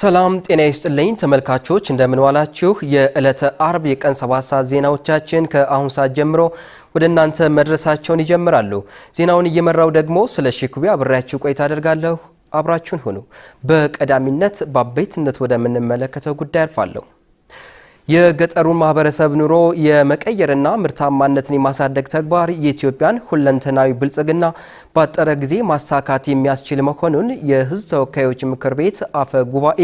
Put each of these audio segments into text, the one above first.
ሰላም ጤና ይስጥልኝ ተመልካቾች፣ እንደምንዋላችሁ የዕለተ አርብ የቀን 7 ሰዓት ዜናዎቻችን ከአሁን ሰዓት ጀምሮ ወደ እናንተ መድረሳቸውን ይጀምራሉ። ዜናውን እየመራው ደግሞ ስለ ሺኩቢ አብሬያችሁ ቆይታ አደርጋለሁ። አብራችሁን ሁኑ። በቀዳሚነት በአበይትነት ወደምንመለከተው ጉዳይ አልፋለሁ። የገጠሩን ማህበረሰብ ኑሮ የመቀየርና ምርታማነትን የማሳደግ ተግባር የኢትዮጵያን ሁለንተናዊ ብልጽግና ባጠረ ጊዜ ማሳካት የሚያስችል መሆኑን የሕዝብ ተወካዮች ምክር ቤት አፈ ጉባኤ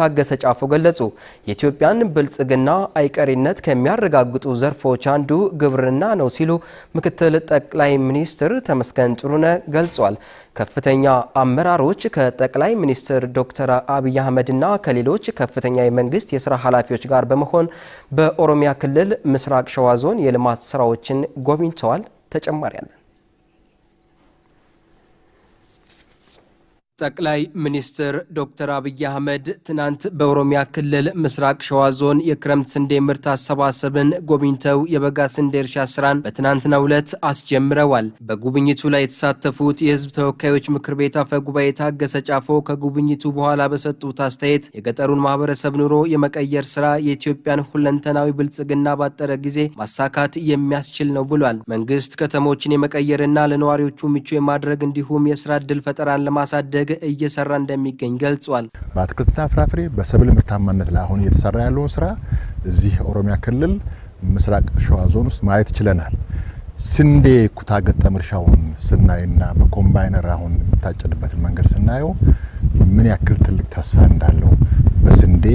ታገሰ ጫፎ ገለጹ። የኢትዮጵያን ብልጽግና አይቀሪነት ከሚያረጋግጡ ዘርፎች አንዱ ግብርና ነው ሲሉ ምክትል ጠቅላይ ሚኒስትር ተመስገን ጥሩነህ ገልጿል። ከፍተኛ አመራሮች ከጠቅላይ ሚኒስትር ዶክተር አብይ አህመድና ከሌሎች ከፍተኛ የመንግስት የስራ ኃላፊዎች ጋር በመሆን በኦሮሚያ ክልል ምስራቅ ሸዋ ዞን የልማት ስራዎችን ጎብኝተዋል። ተጨማሪ ጠቅላይ ሚኒስትር ዶክተር አብይ አህመድ ትናንት በኦሮሚያ ክልል ምስራቅ ሸዋ ዞን የክረምት ስንዴ ምርት አሰባሰብን ጎብኝተው የበጋ ስንዴ እርሻ ስራን በትናንትናው ዕለት አስጀምረዋል። በጉብኝቱ ላይ የተሳተፉት የህዝብ ተወካዮች ምክር ቤት አፈ ጉባኤ ታገሰ ጫፎ ከጉብኝቱ በኋላ በሰጡት አስተያየት የገጠሩን ማህበረሰብ ኑሮ የመቀየር ስራ የኢትዮጵያን ሁለንተናዊ ብልጽግና ባጠረ ጊዜ ማሳካት የሚያስችል ነው ብሏል። መንግስት ከተሞችን የመቀየርና ለነዋሪዎቹ ምቹ የማድረግ እንዲሁም የስራ ዕድል ፈጠራን ለማሳደግ ለማሳደግ እየሰራ እንደሚገኝ ገልጿል። በአትክልትና ፍራፍሬ በሰብል ምርታማነት ላይ አሁን እየተሰራ ያለውን ስራ እዚህ ኦሮሚያ ክልል ምስራቅ ሸዋ ዞን ውስጥ ማየት ችለናል። ስንዴ ኩታ ገጠም እርሻውን ስናይና በኮምባይነር አሁን የምታጨድበትን መንገድ ስናየው ምን ያክል ትልቅ ተስፋ እንዳለው በስንዴ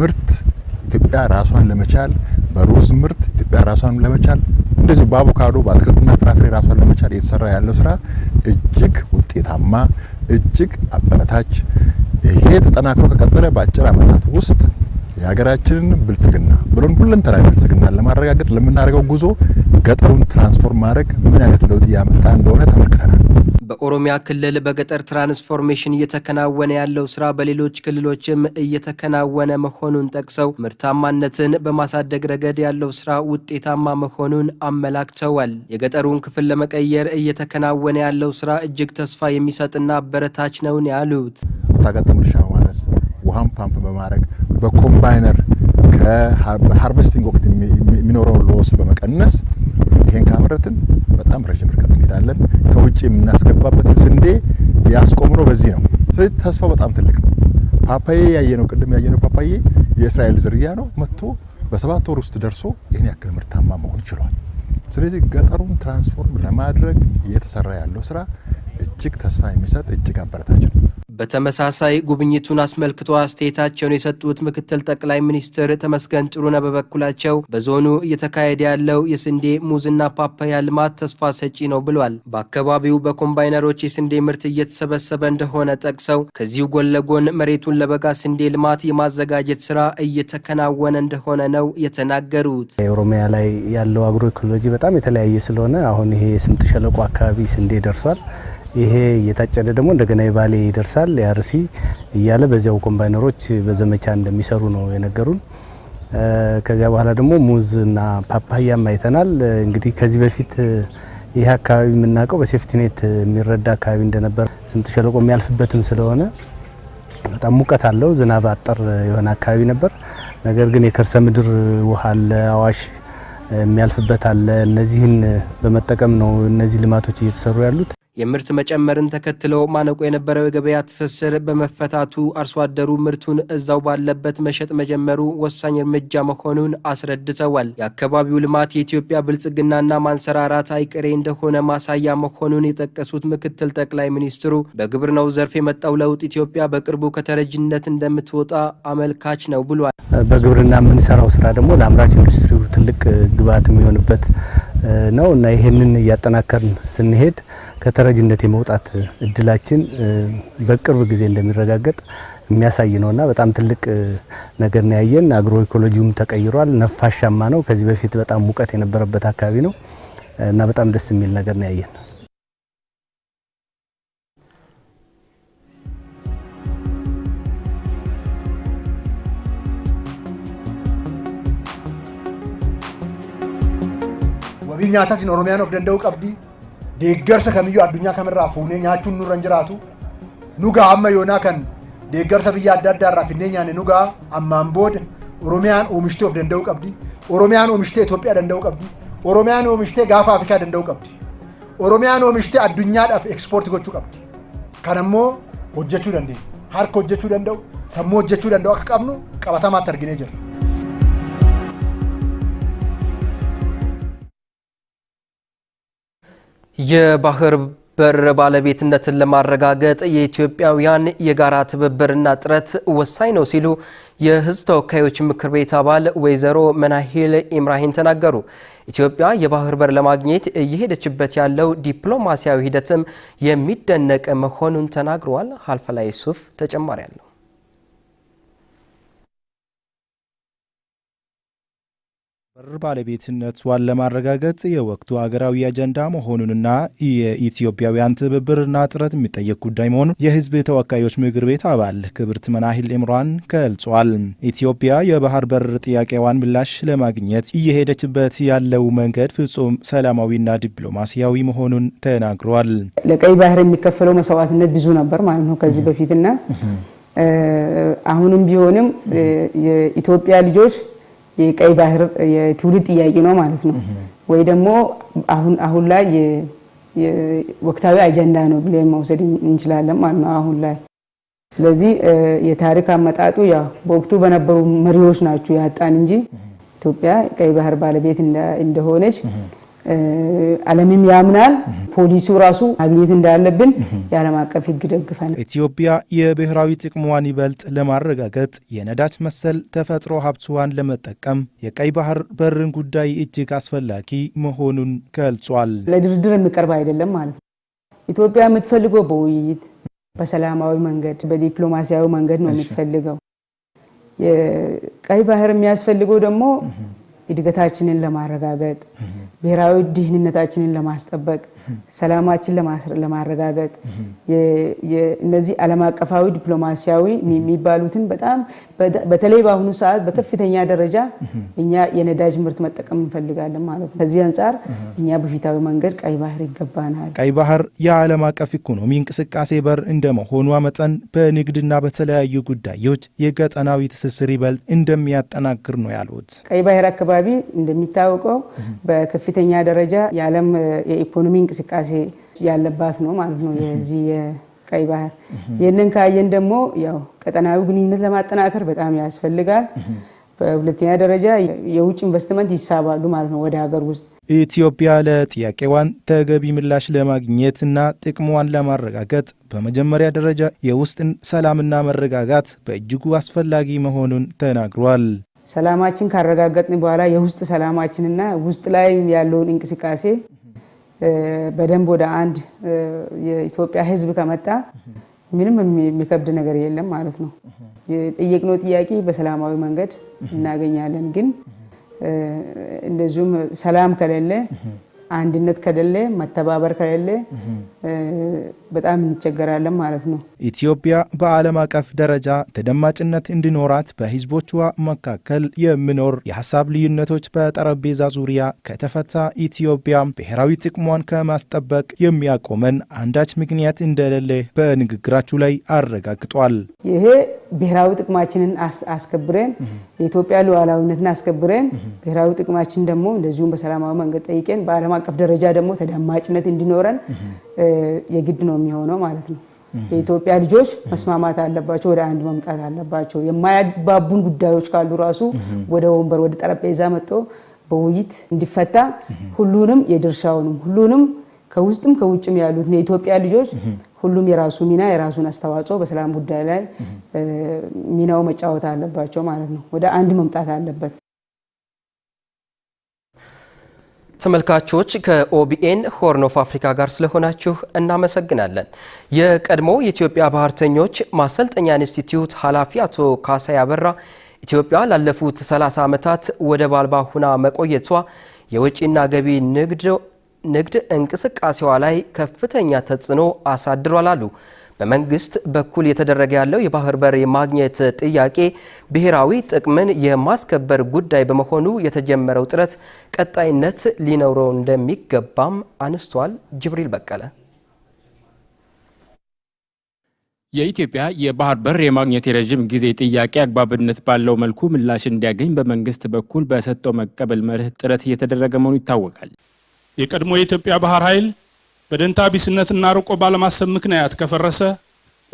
ምርት ኢትዮጵያ ራሷን ለመቻል በሩዝ ምርት ኢትዮጵያ ራሷን ለመቻል እንደዚሁ በአቮካዶ በአትክልትና ፍራፍሬ ራሷን ለመቻል እየተሰራ ያለው ስራ እጅግ ውጤታማ፣ እጅግ አበረታች። ይሄ ተጠናክሮ ከቀጠለ በአጭር ዓመታት ውስጥ የሀገራችንን ብልጽግና ብሎን ሁለንተናዊ ብልጽግና ለማረጋገጥ ለምናደርገው ጉዞ ገጠሩን ትራንስፎርም ማድረግ ምን አይነት ለውጥ እያመጣ እንደሆነ ተመልክተናል። በኦሮሚያ ክልል በገጠር ትራንስፎርሜሽን እየተከናወነ ያለው ስራ በሌሎች ክልሎችም እየተከናወነ መሆኑን ጠቅሰው ምርታማነትን በማሳደግ ረገድ ያለው ስራ ውጤታማ መሆኑን አመላክተዋል። የገጠሩን ክፍል ለመቀየር እየተከናወነ ያለው ስራ እጅግ ተስፋ የሚሰጥና አበረታች ነውን ያሉት ታቀጥም እርሻ ውሃን ፓምፕ በማድረግ በኮምባይነር ከሃርቨስቲንግ ወቅት የሚኖረውን ሎስ በመቀነስ ይሄን ካመረትን በጣም ረዥም ርቀት እንሄዳለን። ከውጭ የምናስገባበትን ስንዴ ያስቆምነው በዚህ ነው። ስለዚህ ተስፋው በጣም ትልቅ ነው። ፓፓዬ ያየነው ቅድም ያየነው ፓፓዬ የእስራኤል ዝርያ ነው። መጥቶ በሰባት ወር ውስጥ ደርሶ ይህን ያክል ምርታማ መሆን ችሏል። ስለዚህ ገጠሩን ትራንስፎርም ለማድረግ እየተሰራ ያለው ስራ እጅግ ተስፋ የሚሰጥ እጅግ አበረታች ነው። በተመሳሳይ ጉብኝቱን አስመልክቶ አስተያየታቸውን የሰጡት ምክትል ጠቅላይ ሚኒስትር ተመስገን ጥሩነህ በበኩላቸው በዞኑ እየተካሄደ ያለው የስንዴ ሙዝና ፓፓያ ልማት ተስፋ ሰጪ ነው ብሏል። በአካባቢው በኮምባይነሮች የስንዴ ምርት እየተሰበሰበ እንደሆነ ጠቅሰው ከዚሁ ጎን ለጎን መሬቱን ለበጋ ስንዴ ልማት የማዘጋጀት ስራ እየተከናወነ እንደሆነ ነው የተናገሩት። ኦሮሚያ ላይ ያለው አግሮ ኢኮሎጂ በጣም የተለያየ ስለሆነ አሁን ይሄ የስምጥ ሸለቆ አካባቢ ስንዴ ደርሷል። ይሄ እየታጨደ ደግሞ እንደገና የባሌ ይደርሳል የአርሲ እያለ በዚያው ኮምባይነሮች በዘመቻ እንደሚሰሩ ነው የነገሩን። ከዚያ በኋላ ደግሞ ሙዝ እና ፓፓያም አይተናል። እንግዲህ ከዚህ በፊት ይህ አካባቢ የምናውቀው በሴፍቲኔት የሚረዳ አካባቢ እንደነበር ስምጥ ሸለቆ የሚያልፍበትም ስለሆነ በጣም ሙቀት አለው፣ ዝናብ አጠር የሆነ አካባቢ ነበር። ነገር ግን የከርሰ ምድር ውሃ አለ፣ አዋሽ የሚያልፍበት አለ። እነዚህን በመጠቀም ነው እነዚህ ልማቶች እየተሰሩ ያሉት። የምርት መጨመርን ተከትለው ማነቆ የነበረው የገበያ ትስስር በመፈታቱ አርሶ አደሩ ምርቱን እዛው ባለበት መሸጥ መጀመሩ ወሳኝ እርምጃ መሆኑን አስረድተዋል። የአካባቢው ልማት የኢትዮጵያ ብልጽግናና ማንሰራራት አይቅሬ እንደሆነ ማሳያ መሆኑን የጠቀሱት ምክትል ጠቅላይ ሚኒስትሩ በግብርናው ዘርፍ የመጣው ለውጥ ኢትዮጵያ በቅርቡ ከተረጅነት እንደምትወጣ አመልካች ነው ብሏል። በግብርና የምንሰራው ስራ ደግሞ ለአምራች ኢንዱስትሪው ትልቅ ግብዓት የሚሆንበት ነው እና ይህንን እያጠናከርን ስንሄድ ከተረጅነት የመውጣት እድላችን በቅርብ ጊዜ እንደሚረጋገጥ የሚያሳይ ነው እና በጣም ትልቅ ነገር ነው ያየን። አግሮ ኢኮሎጂውም ተቀይሯል። ነፋሻማ ነው። ከዚህ በፊት በጣም ሙቀት የነበረበት አካባቢ ነው እና በጣም ደስ የሚል ነገር ነው ያየን። addunyaatas hin oromiyaan of danda'uu qabdi. Deeggarsa kamiyyuu addunyaa kamirraa fuunee nyaachuun nurra hin jiraatu. Nu ga'a amma yoonaa kan deeggarsa biyya adda addaarraa finnee nyaanne nu ga'a ammaan booda Oromiyaan oomishtee of danda'uu qabdi. Oromiyaan oomishtee Itoophiyaa danda'uu qabdi. Oromiyaan oomishtee gaafa Afrikaa danda'uu qabdi. Oromiyaan oomishtee addunyaadhaaf ekspoorti gochuu qabdi. Kan ammoo hojjechuu dandeenya. Harka hojjechuu danda'u, sammuu hojjechuu danda'u akka qabnu qabatamaatti arginee jirra. የባህር በር ባለቤትነትን ለማረጋገጥ የኢትዮጵያውያን የጋራ ትብብርና ጥረት ወሳኝ ነው ሲሉ የሕዝብ ተወካዮች ምክር ቤት አባል ወይዘሮ መናሂል ኢምራሂም ተናገሩ። ኢትዮጵያ የባህር በር ለማግኘት እየሄደችበት ያለው ዲፕሎማሲያዊ ሂደትም የሚደነቅ መሆኑን ተናግረዋል። ሀልፈላይ ሱፍ ተጨማሪ አለው። በር ባለቤትነቷን ለማረጋገጥ የወቅቱ አገራዊ አጀንዳ መሆኑንና የኢትዮጵያውያን ትብብርና ጥረት የሚጠየቅ ጉዳይ መሆኑን የሕዝብ ተወካዮች ምክር ቤት አባል ክብርት መናሂል ኢምሯን ገልጿል። ኢትዮጵያ የባህር በር ጥያቄዋን ምላሽ ለማግኘት እየሄደችበት ያለው መንገድ ፍጹም ሰላማዊና ዲፕሎማሲያዊ መሆኑን ተናግሯል። ለቀይ ባህር የሚከፈለው መስዋዕትነት ብዙ ነበር ማለት ነው ከዚህ በፊትና አሁንም ቢሆንም የኢትዮጵያ ልጆች የቀይ ባህር የትውልድ ጥያቄ ነው ማለት ነው ወይ ደግሞ አሁን ላይ ወቅታዊ አጀንዳ ነው ብለን መውሰድ እንችላለን ማለት ነው አሁን ላይ። ስለዚህ የታሪክ አመጣጡ ያው በወቅቱ በነበሩ መሪዎች ናቸው ያጣን እንጂ ኢትዮጵያ ቀይ ባህር ባለቤት እንደሆነች ዓለምም ያምናል። ፖሊሱ ራሱ ማግኘት እንዳለብን የዓለም አቀፍ ሕግ ደግፈን ኢትዮጵያ የብሔራዊ ጥቅሟን ይበልጥ ለማረጋገጥ የነዳጅ መሰል ተፈጥሮ ሀብትዋን ለመጠቀም የቀይ ባህር በርን ጉዳይ እጅግ አስፈላጊ መሆኑን ገልጿል። ለድርድር የሚቀርብ አይደለም ማለት ነው። ኢትዮጵያ የምትፈልገው በውይይት በሰላማዊ መንገድ በዲፕሎማሲያዊ መንገድ ነው የምትፈልገው። የቀይ ባህር የሚያስፈልገው ደግሞ እድገታችንን ለማረጋገጥ ብሔራዊ ድህንነታችንን ለማስጠበቅ ሰላማችን ለማረጋገጥ እነዚህ ዓለም አቀፋዊ ዲፕሎማሲያዊ የሚባሉትን በጣም በተለይ በአሁኑ ሰዓት በከፍተኛ ደረጃ እኛ የነዳጅ ምርት መጠቀም እንፈልጋለን ማለት ነው። ከዚህ አንጻር እኛ በፊታዊ መንገድ ቀይ ባህር ይገባናል። ቀይ ባህር የዓለም አቀፍ ኢኮኖሚ እንቅስቃሴ በር እንደመሆኗ መጠን በንግድና በተለያዩ ጉዳዮች የገጠናዊ ትስስር ይበልጥ እንደሚያጠናክር ነው ያሉት። ቀይ ባህር አካባቢ እንደሚታወቀው በከፍተኛ ደረጃ የዓለም የኢኮኖሚ እንቅስቃሴ ያለባት ነው ማለት ነው የዚህ የቀይ ባህር። ይህንን ካየን ደግሞ ያው ቀጠናዊ ግንኙነት ለማጠናከር በጣም ያስፈልጋል። በሁለተኛ ደረጃ የውጭ ኢንቨስትመንት ይሳባሉ ማለት ነው ወደ ሀገር ውስጥ። ኢትዮጵያ ለጥያቄዋን ተገቢ ምላሽ ለማግኘትና ጥቅሟን ለማረጋገጥ በመጀመሪያ ደረጃ የውስጥን ሰላምና መረጋጋት በእጅጉ አስፈላጊ መሆኑን ተናግሯል። ሰላማችን ካረጋገጥን በኋላ የውስጥ ሰላማችንና ውስጥ ላይ ያለውን እንቅስቃሴ በደንብ ወደ አንድ የኢትዮጵያ ህዝብ ከመጣ ምንም የሚከብድ ነገር የለም ማለት ነው። የጠየቅነው ጥያቄ በሰላማዊ መንገድ እናገኛለን። ግን እንደዚሁም ሰላም ከሌለ፣ አንድነት ከሌለ፣ መተባበር ከሌለ በጣም እንቸገራለን ማለት ነው። ኢትዮጵያ በዓለም አቀፍ ደረጃ ተደማጭነት እንዲኖራት በህዝቦቿ መካከል የሚኖር የሀሳብ ልዩነቶች በጠረጴዛ ዙሪያ ከተፈታ ኢትዮጵያ ብሔራዊ ጥቅሟን ከማስጠበቅ የሚያቆመን አንዳች ምክንያት እንደሌለ በንግግራችሁ ላይ አረጋግጧል። ይሄ ብሔራዊ ጥቅማችንን አስከብረን የኢትዮጵያ ሉዓላዊነትን አስከብረን ብሔራዊ ጥቅማችን ደግሞ እንደዚሁም በሰላማዊ መንገድ ጠይቀን በዓለም አቀፍ ደረጃ ደግሞ ተደማጭነት እንዲኖረን የግድ ነው የሚሆነው ማለት ነው። የኢትዮጵያ ልጆች መስማማት አለባቸው፣ ወደ አንድ መምጣት አለባቸው። የማያግባቡን ጉዳዮች ካሉ ራሱ ወደ ወንበር ወደ ጠረጴዛ መጥቶ በውይይት እንዲፈታ ሁሉንም የድርሻውንም ሁሉንም ከውስጥም ከውጭም ያሉት የኢትዮጵያ ልጆች ሁሉም የራሱ ሚና የራሱን አስተዋጽኦ በሰላም ጉዳይ ላይ ሚናው መጫወት አለባቸው ማለት ነው። ወደ አንድ መምጣት አለበት። ተመልካቾች ከኦቢኤን ሆርን ኦፍ አፍሪካ ጋር ስለሆናችሁ እናመሰግናለን። የቀድሞ የኢትዮጵያ ባህርተኞች ማሰልጠኛ ኢንስቲትዩት ኃላፊ አቶ ካሳ አበራ ኢትዮጵያ ላለፉት 30 ዓመታት ወደብ አልባ ሁና መቆየቷ የወጪና ገቢ ንግድ እንቅስቃሴዋ ላይ ከፍተኛ ተጽዕኖ አሳድሯል አሉ። በመንግስት በኩል የተደረገ ያለው የባህር በር የማግኘት ጥያቄ ብሔራዊ ጥቅምን የማስከበር ጉዳይ በመሆኑ የተጀመረው ጥረት ቀጣይነት ሊኖረው እንደሚገባም አንስቷል ጅብሪል በቀለ የኢትዮጵያ የባህር በር የማግኘት የረዥም ጊዜ ጥያቄ አግባብነት ባለው መልኩ ምላሽ እንዲያገኝ በመንግስት በኩል በሰጠው መቀበል መርህ ጥረት እየተደረገ መሆኑ ይታወቃል። የቀድሞ የኢትዮጵያ ባህር ኃይል በደንታ ቢስነትና ርቆ ባለማሰብ ምክንያት ከፈረሰ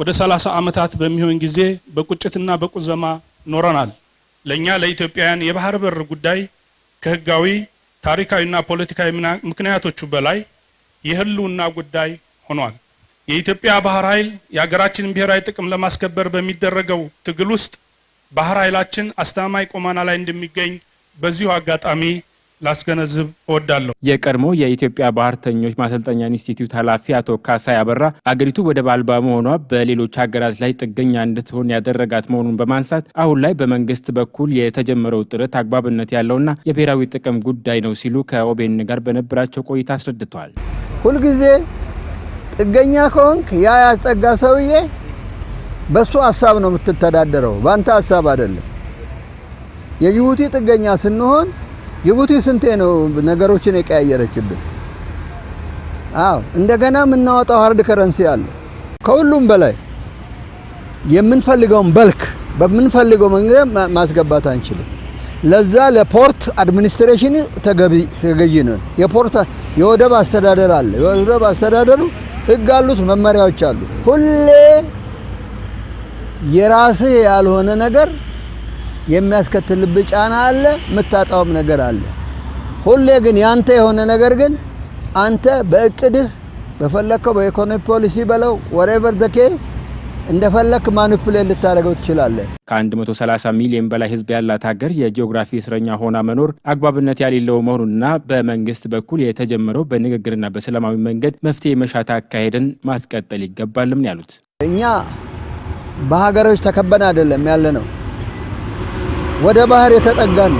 ወደ 30 ዓመታት በሚሆን ጊዜ በቁጭትና በቁዘማ ኖረናል። ለእኛ ለኢትዮጵያውያን የባህር በር ጉዳይ ከህጋዊ ታሪካዊና ፖለቲካዊ ምክንያቶቹ በላይ የህልውና ጉዳይ ሆኗል። የኢትዮጵያ ባህር ኃይል የሀገራችንን ብሔራዊ ጥቅም ለማስከበር በሚደረገው ትግል ውስጥ ባህር ኃይላችን አስተማማኝ ቆማና ላይ እንደሚገኝ በዚሁ አጋጣሚ ላስገነዝብ እወዳለሁ። የቀድሞ የኢትዮጵያ ባህርተኞች ማሰልጠኛ ኢንስቲትዩት ኃላፊ አቶ ካሳ ያበራ አገሪቱ ወደብ አልባ መሆኗ በሌሎች ሀገራት ላይ ጥገኛ እንድትሆን ያደረጋት መሆኑን በማንሳት አሁን ላይ በመንግስት በኩል የተጀመረው ጥረት አግባብነት ያለውና የብሔራዊ ጥቅም ጉዳይ ነው ሲሉ ከኦቤን ጋር በነበራቸው ቆይታ አስረድተዋል። ሁልጊዜ ጥገኛ ከሆንክ ያ ያስጠጋ ሰውዬ በሱ ሀሳብ ነው የምትተዳደረው፣ በአንተ ሀሳብ አይደለም። የጅቡቲ ጥገኛ ስንሆን ጅቡቲ ስንቴ ነው ነገሮችን የቀያየረችብን? አዎ እንደገና የምናወጣው ሀርድ ከረንሲ አለ። ከሁሉም በላይ የምንፈልገውን በልክ በምንፈልገው መንገድ ማስገባት አንችልም። ለዛ ለፖርት አድሚኒስትሬሽን ተገዢ ነን። የፖርት የወደብ አስተዳደር አለ። የወደብ አስተዳደሩ ህግ አሉት፣ መመሪያዎች አሉ። ሁሌ የራስህ ያልሆነ ነገር የሚያስከትልብ ጫና አለ፣ የምታጣውም ነገር አለ። ሁሌ ግን ያንተ የሆነ ነገር ግን አንተ በእቅድህ በፈለግከው በኢኮኖሚ ፖሊሲ በለው ወሬቨር ዘ ኬስ እንደፈለክ ማኒፕሌት ልታደርገው ትችላለህ። ከ130 ሚሊዮን በላይ ህዝብ ያላት ሀገር የጂኦግራፊ እስረኛ ሆና መኖር አግባብነት ያሌለው መሆኑንና በመንግስት በኩል የተጀመረው በንግግርና በሰላማዊ መንገድ መፍትሄ መሻት አካሄድን ማስቀጠል ይገባልም ያሉት እኛ በሀገሮች ተከበን አይደለም ያለ ነው ወደ ባህር የተጠጋን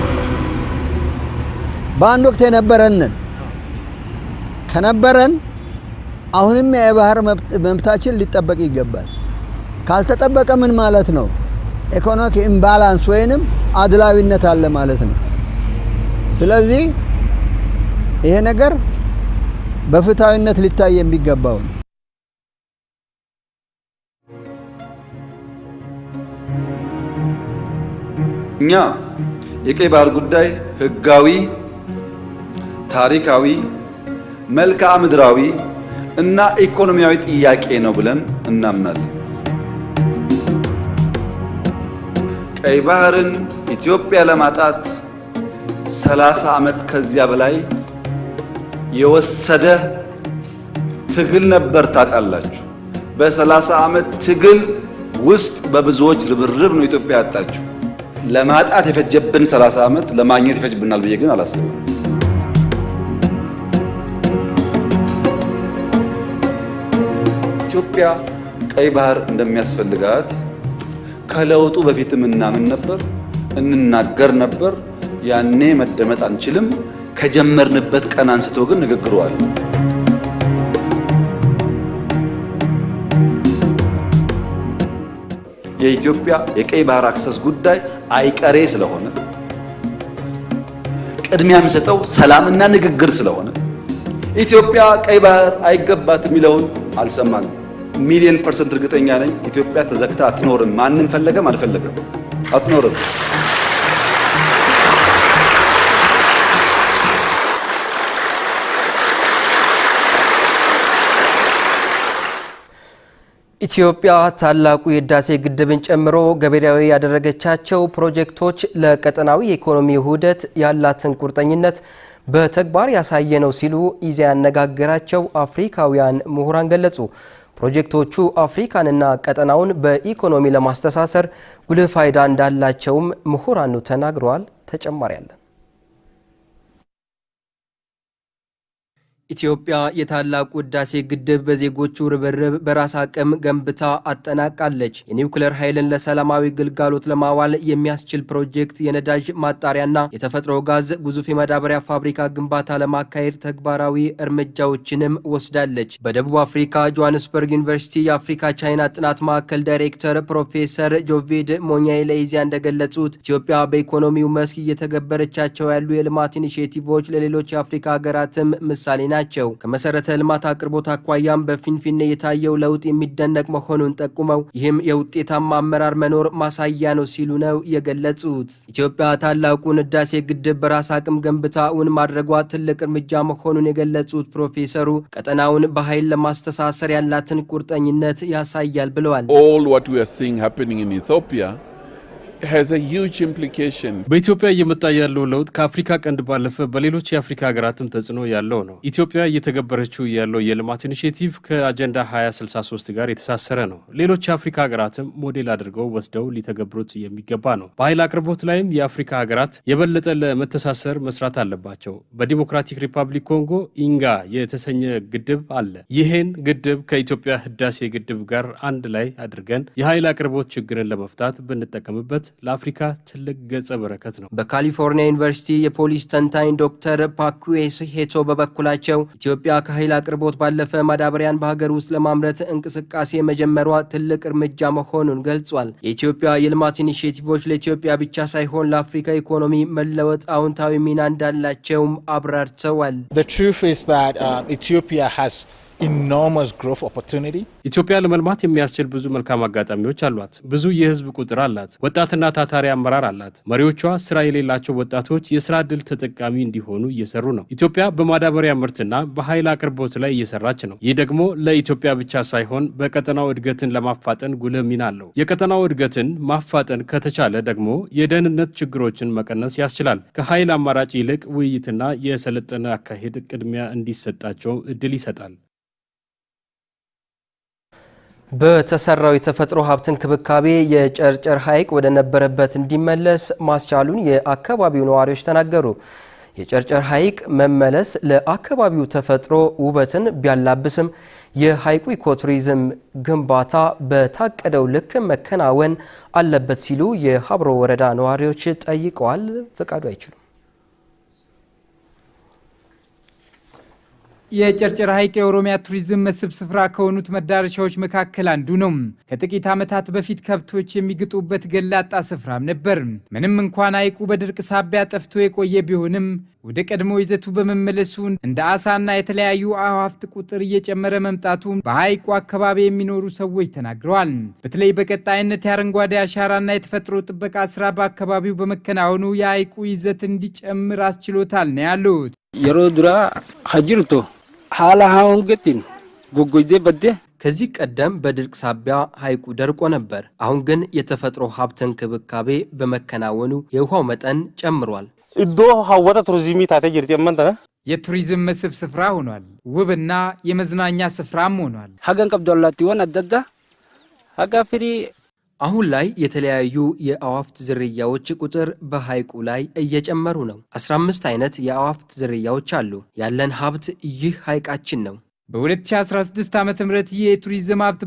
በአንድ ወቅት የነበረንን ከነበረን አሁንም የባህር መብታችን ሊጠበቅ ይገባል። ካልተጠበቀ ምን ማለት ነው? ኢኮኖሚክ ኢምባላንስ ወይንም አድላዊነት አለ ማለት ነው። ስለዚህ ይሄ ነገር በፍትሐዊነት ሊታይ የሚገባው ነው። እኛ የቀይ ባህር ጉዳይ ህጋዊ፣ ታሪካዊ፣ መልክዓ ምድራዊ እና ኢኮኖሚያዊ ጥያቄ ነው ብለን እናምናለን። ቀይ ባህርን ኢትዮጵያ ለማጣት 30 ዓመት ከዚያ በላይ የወሰደ ትግል ነበር። ታውቃላችሁ። በ30 ዓመት ትግል ውስጥ በብዙዎች ርብርብ ነው ኢትዮጵያ ያጣችው። ለማጣት የፈጀብን 30 ዓመት ለማግኘት ይፈጅብናል ብዬ ግን አላስብም። ኢትዮጵያ ቀይ ባህር እንደሚያስፈልጋት ከለውጡ በፊትም እናምን ነበር፣ እንናገር ነበር። ያኔ መደመጥ አንችልም። ከጀመርንበት ቀን አንስቶ ግን ንግግሩ አለ። የኢትዮጵያ የቀይ ባህር አክሰስ ጉዳይ አይቀሬ ስለሆነ ቅድሚያ የሚሰጠው ሰላምና ንግግር ስለሆነ ኢትዮጵያ ቀይ ባህር አይገባት የሚለውን አልሰማንም። ሚሊዮን ፐርሰንት እርግጠኛ ነኝ ኢትዮጵያ ተዘግታ አትኖርም። ማንም ፈለገም አልፈለገም አትኖርም። ኢትዮጵያ ታላቁ የህዳሴ ግድብን ጨምሮ ገበሬያዊ ያደረገቻቸው ፕሮጀክቶች ለቀጠናዊ የኢኮኖሚ ውህደት ያላትን ቁርጠኝነት በተግባር ያሳየ ነው ሲሉ ኢዜአ ያነጋገራቸው አፍሪካውያን ምሁራን ገለጹ። ፕሮጀክቶቹ አፍሪካንና ቀጠናውን በኢኮኖሚ ለማስተሳሰር ጉልህ ፋይዳ እንዳላቸውም ምሁራኑ ተናግረዋል። ተጨማሪ አለን። ኢትዮጵያ የታላቁ ህዳሴ ግድብ በዜጎቹ ርብርብ በራስ አቅም ገንብታ አጠናቃለች። የኒውክሌር ኃይልን ለሰላማዊ ግልጋሎት ለማዋል የሚያስችል ፕሮጀክት፣ የነዳጅ ማጣሪያና የተፈጥሮ ጋዝ ግዙፍ የማዳበሪያ ፋብሪካ ግንባታ ለማካሄድ ተግባራዊ እርምጃዎችንም ወስዳለች። በደቡብ አፍሪካ ጆሃንስበርግ ዩኒቨርሲቲ የአፍሪካ ቻይና ጥናት ማዕከል ዳይሬክተር ፕሮፌሰር ጆቬድ ሞኛይ ለኢዜአ እንደገለጹት ኢትዮጵያ በኢኮኖሚው መስክ እየተገበረቻቸው ያሉ የልማት ኢኒሽቲቮች ለሌሎች የአፍሪካ ሀገራትም ምሳሌ ናቸው። ናቸው። ከመሰረተ ልማት አቅርቦት አኳያም በፊንፊኔ የታየው ለውጥ የሚደነቅ መሆኑን ጠቁመው ይህም የውጤታማ አመራር መኖር ማሳያ ነው ሲሉ ነው የገለጹት። ኢትዮጵያ ታላቁን ህዳሴ ግድብ በራስ አቅም ገንብታ እውን ማድረጓ ትልቅ እርምጃ መሆኑን የገለጹት ፕሮፌሰሩ ቀጠናውን በኃይል ለማስተሳሰር ያላትን ቁርጠኝነት ያሳያል ብለዋል። በኢትዮጵያ እየመጣ ያለው ለውጥ ከአፍሪካ ቀንድ ባለፈ በሌሎች የአፍሪካ ሀገራትም ተጽዕኖ ያለው ነው። ኢትዮጵያ እየተገበረችው ያለው የልማት ኢኒሽቲቭ ከአጀንዳ 2063 ጋር የተሳሰረ ነው። ሌሎች የአፍሪካ ሀገራትም ሞዴል አድርገው ወስደው ሊተገብሩት የሚገባ ነው። በኃይል አቅርቦት ላይም የአፍሪካ ሀገራት የበለጠ ለመተሳሰር መስራት አለባቸው። በዲሞክራቲክ ሪፐብሊክ ኮንጎ ኢንጋ የተሰኘ ግድብ አለ። ይህን ግድብ ከኢትዮጵያ ህዳሴ ግድብ ጋር አንድ ላይ አድርገን የኃይል አቅርቦት ችግርን ለመፍታት ብንጠቀምበት ለአፍሪካ ትልቅ ገጸ በረከት ነው። በካሊፎርኒያ ዩኒቨርሲቲ የፖሊስ ተንታኝ ዶክተር ፓኩዌስ ሄቶ በበኩላቸው ኢትዮጵያ ከኃይል አቅርቦት ባለፈ ማዳበሪያን በሀገር ውስጥ ለማምረት እንቅስቃሴ መጀመሯ ትልቅ እርምጃ መሆኑን ገልጿል። የኢትዮጵያ የልማት ኢኒሽቲቮች ለኢትዮጵያ ብቻ ሳይሆን ለአፍሪካ ኢኮኖሚ መለወጥ አዎንታዊ ሚና እንዳላቸውም አብራርተዋል። ኢትዮጵያ ለመልማት የሚያስችል ብዙ መልካም አጋጣሚዎች አሏት። ብዙ የህዝብ ቁጥር አላት። ወጣትና ታታሪ አመራር አላት። መሪዎቿ ስራ የሌላቸው ወጣቶች የስራ እድል ተጠቃሚ እንዲሆኑ እየሰሩ ነው። ኢትዮጵያ በማዳበሪያ ምርትና በኃይል አቅርቦት ላይ እየሰራች ነው። ይህ ደግሞ ለኢትዮጵያ ብቻ ሳይሆን በቀጠናው እድገትን ለማፋጠን ጉልህ ሚና አለው። የቀጠናው እድገትን ማፋጠን ከተቻለ ደግሞ የደህንነት ችግሮችን መቀነስ ያስችላል። ከኃይል አማራጭ ይልቅ ውይይትና የሰለጠነ አካሄድ ቅድሚያ እንዲሰጣቸው እድል ይሰጣል። በተሰራው የተፈጥሮ ሀብት እንክብካቤ የጨርጨር ሐይቅ ወደ ነበረበት እንዲመለስ ማስቻሉን የአካባቢው ነዋሪዎች ተናገሩ። የጨርጨር ሐይቅ መመለስ ለአካባቢው ተፈጥሮ ውበትን ቢያላብስም የሐይቁ ኢኮቱሪዝም ግንባታ በታቀደው ልክ መከናወን አለበት ሲሉ የሀብሮ ወረዳ ነዋሪዎች ጠይቀዋል። ፈቃዱ አይችሉም የጨርጨራ ሐይቅ የኦሮሚያ ቱሪዝም መስህብ ስፍራ ከሆኑት መዳረሻዎች መካከል አንዱ ነው። ከጥቂት ዓመታት በፊት ከብቶች የሚግጡበት ገላጣ ስፍራም ነበር። ምንም እንኳን ሐይቁ በድርቅ ሳቢያ ጠፍቶ የቆየ ቢሆንም ወደ ቀድሞ ይዘቱ በመመለሱ እንደ አሳና የተለያዩ አዋፍት ቁጥር እየጨመረ መምጣቱ በሐይቁ አካባቢ የሚኖሩ ሰዎች ተናግረዋል። በተለይ በቀጣይነት የአረንጓዴ አሻራና የተፈጥሮ ጥበቃ ስራ በአካባቢው በመከናወኑ የሐይቁ ይዘት እንዲጨምር አስችሎታል ነው ያሉት። የሮ ዱራ ኸጅርቶ ሀላሃውን ገቲን ጎጎይዴ በዴ ከዚህ ቀደም በድርቅ ሳቢያ ሐይቁ ደርቆ ነበር። አሁን ግን የተፈጥሮ ሀብት እንክብካቤ በመከናወኑ የውሃው መጠን ጨምሯል። እዶ ሀወተ ቱሪዝሚ ታቴ ጅርጤመንተነ የቱሪዝም መስህብ ስፍራ ሆኗል። ውብና የመዝናኛ ስፍራም ሆኗል። ሀገን ቀብዶላቲወን አደዳ ሀጋ ፍሪ አሁን ላይ የተለያዩ የአዋፍት ዝርያዎች ቁጥር በሐይቁ ላይ እየጨመሩ ነው። 15 አይነት የአዋፍት ዝርያዎች አሉ። ያለን ሀብት ይህ ሐይቃችን ነው። በ2016 ዓ ም የቱሪዝም ሀብት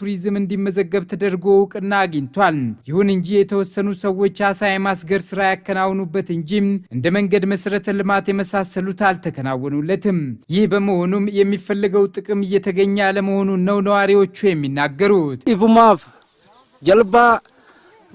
ቱሪዝም እንዲመዘገብ ተደርጎ እውቅና አግኝቷል። ይሁን እንጂ የተወሰኑ ሰዎች አሳ የማስገር ስራ ያከናውኑበት እንጂ እንደ መንገድ መሰረተ ልማት የመሳሰሉት አልተከናወኑለትም። ይህ በመሆኑም የሚፈለገው ጥቅም እየተገኘ አለመሆኑን ነው ነዋሪዎቹ የሚናገሩት። ኢቭማፍ ጀልባ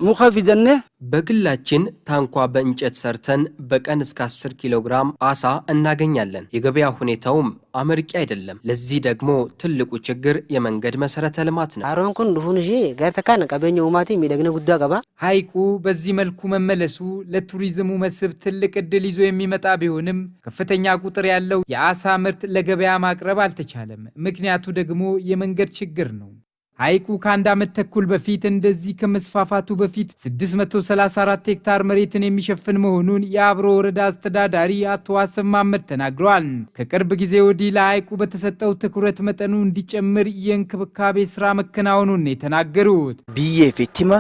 ሙኸፍ ይዘነ በግላችን ታንኳ በእንጨት ሰርተን በቀን እስከ 10 ኪሎ ግራም አሳ እናገኛለን። የገበያ ሁኔታውም አመርቂ አይደለም። ለዚህ ደግሞ ትልቁ ችግር የመንገድ መሰረተ ልማት ነው። አሮንኩን ዱሁን እ ገርተካን ቀበኘ ውማት የሚደግነ ጉዳ ቀባ ሀይቁ በዚህ መልኩ መመለሱ ለቱሪዝሙ መስህብ ትልቅ እድል ይዞ የሚመጣ ቢሆንም ከፍተኛ ቁጥር ያለው የአሳ ምርት ለገበያ ማቅረብ አልተቻለም። ምክንያቱ ደግሞ የመንገድ ችግር ነው። ሐይቁ ከአንድ ዓመት ተኩል በፊት እንደዚህ ከመስፋፋቱ በፊት 634 ሄክታር መሬትን የሚሸፍን መሆኑን የአብሮ ወረዳ አስተዳዳሪ አቶ ዋሰብ ማመድ ተናግረዋል። ከቅርብ ጊዜ ወዲህ ለሐይቁ በተሰጠው ትኩረት መጠኑ እንዲጨምር የእንክብካቤ ስራ መከናወኑን የተናገሩት ብዬ ፌቲማ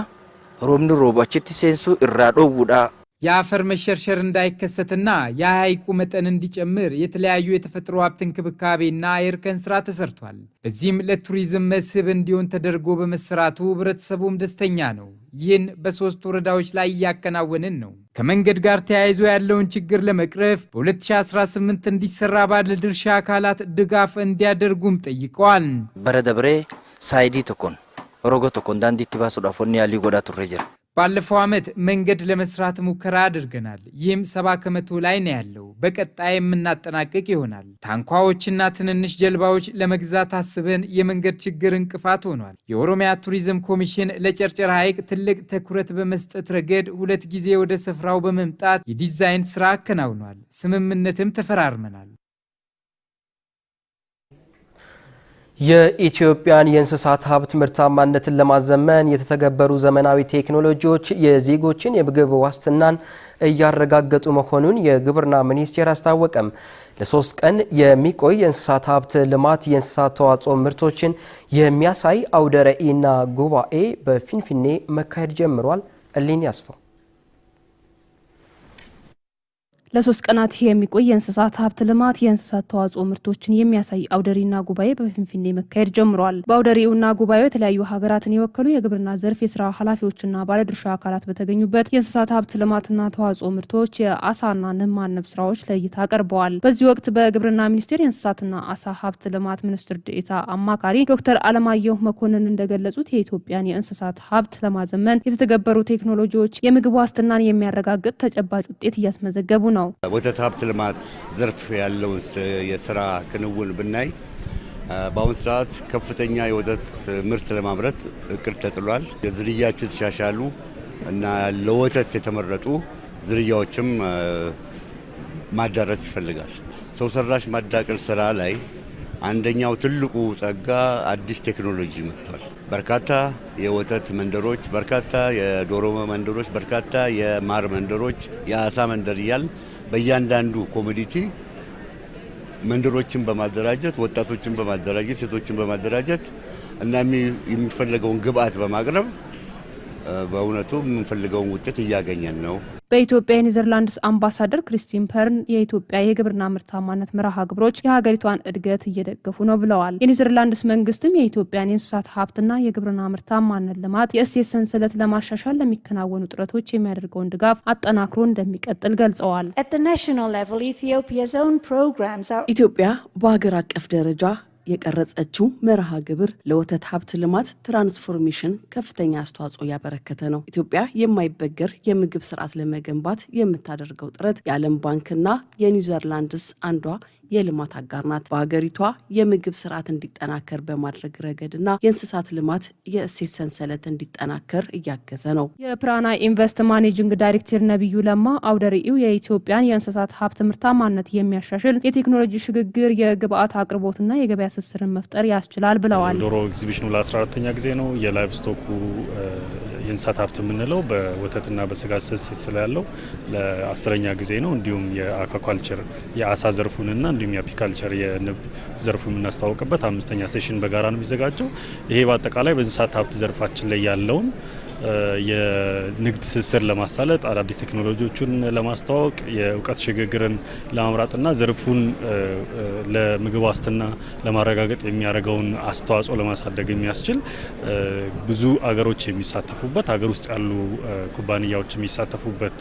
ሮምን ሮባችት ሴንሱ እራ የአፈር መሸርሸር እንዳይከሰትና የሐይቁ መጠን እንዲጨምር የተለያዩ የተፈጥሮ ሀብት እንክብካቤና የእርከን ስራ ተሰርቷል። በዚህም ለቱሪዝም መስህብ እንዲሆን ተደርጎ በመሰራቱ ህብረተሰቡም ደስተኛ ነው። ይህን በሶስት ወረዳዎች ላይ እያከናወንን ነው። ከመንገድ ጋር ተያይዞ ያለውን ችግር ለመቅረፍ በ2018 እንዲሰራ ባለ ድርሻ አካላት ድጋፍ እንዲያደርጉም ጠይቀዋል። በረደብሬ ሳይዲ ቶኮን ሮጎ ቶኮን ዳንዲ ትባሱዳፎኒ ያሊ ጎዳ ቱሬ ጀር ባለፈው ዓመት መንገድ ለመስራት ሙከራ አድርገናል። ይህም ሰባ ከመቶ ላይ ነው ያለው። በቀጣይ የምናጠናቅቅ ይሆናል። ታንኳዎችና ትንንሽ ጀልባዎች ለመግዛት አስበን የመንገድ ችግር እንቅፋት ሆኗል። የኦሮሚያ ቱሪዝም ኮሚሽን ለጨርጨር ሐይቅ ትልቅ ትኩረት በመስጠት ረገድ ሁለት ጊዜ ወደ ስፍራው በመምጣት የዲዛይን ስራ አከናውኗል። ስምምነትም ተፈራርመናል። የኢትዮጵያን የእንስሳት ሀብት ምርታማነትን ለማዘመን የተተገበሩ ዘመናዊ ቴክኖሎጂዎች የዜጎችን የምግብ ዋስትናን እያረጋገጡ መሆኑን የግብርና ሚኒስቴር አስታወቀም። ለሶስት ቀን የሚቆይ የእንስሳት ሀብት ልማት የእንስሳት ተዋጽኦ ምርቶችን የሚያሳይ አውደ ርዕይና ጉባኤ በፊንፊኔ መካሄድ ጀምሯል። እሊን ያስፋው ለሶስት ቀናት የሚቆይ የእንስሳት ሀብት ልማት የእንስሳት ተዋጽኦ ምርቶችን የሚያሳይ አውደሪና ጉባኤ በፊንፊኔ መካሄድ ጀምሯል። በአውደሪውና ጉባኤው የተለያዩ ሀገራትን የወከሉ የግብርና ዘርፍ የስራ ኃላፊዎችና ባለድርሻ አካላት በተገኙበት የእንስሳት ሀብት ልማትና ተዋጽኦ ምርቶች፣ የአሳና ንብ ማነብ ስራዎች ለእይታ ቀርበዋል። በዚህ ወቅት በግብርና ሚኒስቴር የእንስሳትና አሳ ሀብት ልማት ሚኒስትር ዴኤታ አማካሪ ዶክተር አለማየሁ መኮንን እንደገለጹት የኢትዮጵያን የእንስሳት ሀብት ለማዘመን የተተገበሩ ቴክኖሎጂዎች የምግብ ዋስትናን የሚያረጋግጥ ተጨባጭ ውጤት እያስመዘገቡ ነው። ነው። ወተት ሀብት ልማት ዘርፍ ያለውን የስራ ክንውን ብናይ በአሁኑ ሰዓት ከፍተኛ የወተት ምርት ለማምረት እቅድ ተጥሏል። ዝርያቸው የተሻሻሉ እና ለወተት የተመረጡ ዝርያዎችም ማዳረስ ይፈልጋል። ሰው ሰራሽ ማዳቀል ስራ ላይ አንደኛው ትልቁ ጸጋ አዲስ ቴክኖሎጂ መጥቷል። በርካታ የወተት መንደሮች፣ በርካታ የዶሮ መንደሮች፣ በርካታ የማር መንደሮች፣ የአሳ መንደር እያል በእያንዳንዱ ኮሚዲቲ መንደሮችን በማደራጀት ወጣቶችን በማደራጀት ሴቶችን በማደራጀት እና የሚፈለገውን ግብአት በማቅረብ በእውነቱ የምንፈልገውን ውጤት እያገኘን ነው። በኢትዮጵያ የኔዘርላንድስ አምባሳደር ክሪስቲን ፐርን የኢትዮጵያ የግብርና ምርታማነት መርሃ ግብሮች የሀገሪቷን እድገት እየደገፉ ነው ብለዋል። የኔዘርላንድስ መንግስትም የኢትዮጵያን የእንስሳት ሀብትና የግብርና ምርታማነት ልማት የእሴት ሰንሰለት ለማሻሻል ለሚከናወኑ ጥረቶች የሚያደርገውን ድጋፍ አጠናክሮ እንደሚቀጥል ገልጸዋል። ኢትዮጵያ በሀገር አቀፍ ደረጃ የቀረጸችው መርሃ ግብር ለወተት ሀብት ልማት ትራንስፎርሜሽን ከፍተኛ አስተዋጽኦ ያበረከተ ነው። ኢትዮጵያ የማይበገር የምግብ ስርዓት ለመገንባት የምታደርገው ጥረት የዓለም ባንክና የኒውዘርላንድስ አንዷ የልማት አጋር ናት። በሀገሪቷ የምግብ ስርዓት እንዲጠናከር በማድረግ ረገድና የእንስሳት ልማት የእሴት ሰንሰለት እንዲጠናከር እያገዘ ነው። የፕራና ኢንቨስት ማኔጂንግ ዳይሬክተር ነቢዩ ለማ አውደ ርዕዩ የኢትዮጵያን የእንስሳት ሀብት ምርታማነት የሚያሻሽል የቴክኖሎጂ ሽግግር፣ የግብአት አቅርቦትና የገበያ ትስስርን መፍጠር ያስችላል ብለዋል። ዶሮ ኤግዚቢሽኑ ለ14ተኛ ጊዜ ነው። የላይቭ ስቶኩ የእንስሳት ሀብት የምንለው በወተትና በስጋ ስስት ስላለው ለአስረኛ ጊዜ ነው። እንዲሁም የአካኳልቸር የአሳ ዘርፉንና እንዲሁም የአፒካልቸር የንብ ዘርፉ የምናስተዋውቅበት አምስተኛ ሴሽን በጋራ ነው የሚዘጋጀው። ይሄ በአጠቃላይ በእንስሳት ሀብት ዘርፋችን ላይ ያለውን የንግድ ትስስር ለማሳለጥ አዳዲስ ቴክኖሎጂዎችን ለማስተዋወቅ የእውቀት ሽግግርን ለማምራትና ዘርፉን ለምግብ ዋስትና ለማረጋገጥ የሚያደርገውን አስተዋጽኦ ለማሳደግ የሚያስችል ብዙ አገሮች የሚሳተፉበት ሀገር ውስጥ ያሉ ኩባንያዎች የሚሳተፉበት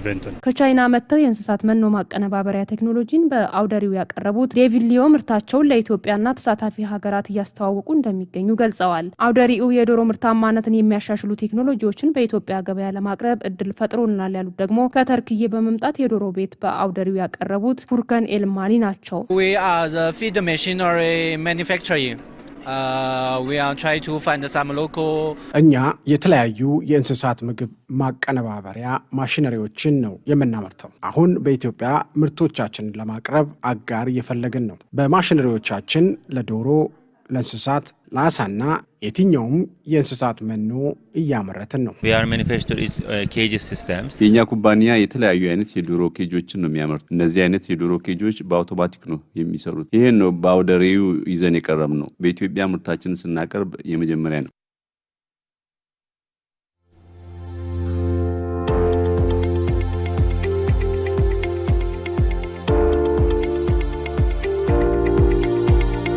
ኢቨንት ነው። ከቻይና መጥተው የእንስሳት መኖ ማቀነባበሪያ ቴክኖሎጂን በአውደሪው ያቀረቡት ዴቪድ ሊዮ ምርታቸውን ለኢትዮጵያና ተሳታፊ ሀገራት እያስተዋወቁ እንደሚገኙ ገልጸዋል። አውደሪው የዶሮ ምርታማነትን የሚያሻሽሉት ቴክኖሎጂዎችን በኢትዮጵያ ገበያ ለማቅረብ እድል ፈጥሮናል ያሉት ደግሞ ከተርክዬ በመምጣት የዶሮ ቤት በአውደሪው ያቀረቡት ቡርከን ኤልማኒ ናቸው። uh, እኛ የተለያዩ የእንስሳት ምግብ ማቀነባበሪያ ማሽነሪዎችን ነው የምናመርተው። አሁን በኢትዮጵያ ምርቶቻችንን ለማቅረብ አጋር እየፈለግን ነው። በማሽነሪዎቻችን ለዶሮ ለእንስሳት ለአሳና የትኛውም የእንስሳት መኖ እያመረትን ነው። uh, የእኛ ኩባንያ የተለያዩ አይነት የዶሮ ኬጆችን ነው የሚያመርት። እነዚህ አይነት የዶሮ ኬጆች በአውቶማቲክ ነው የሚሰሩት። ይህን ነው በአውደሬው ይዘን የቀረብ ነው። በኢትዮጵያ ምርታችንን ስናቀርብ የመጀመሪያ ነው።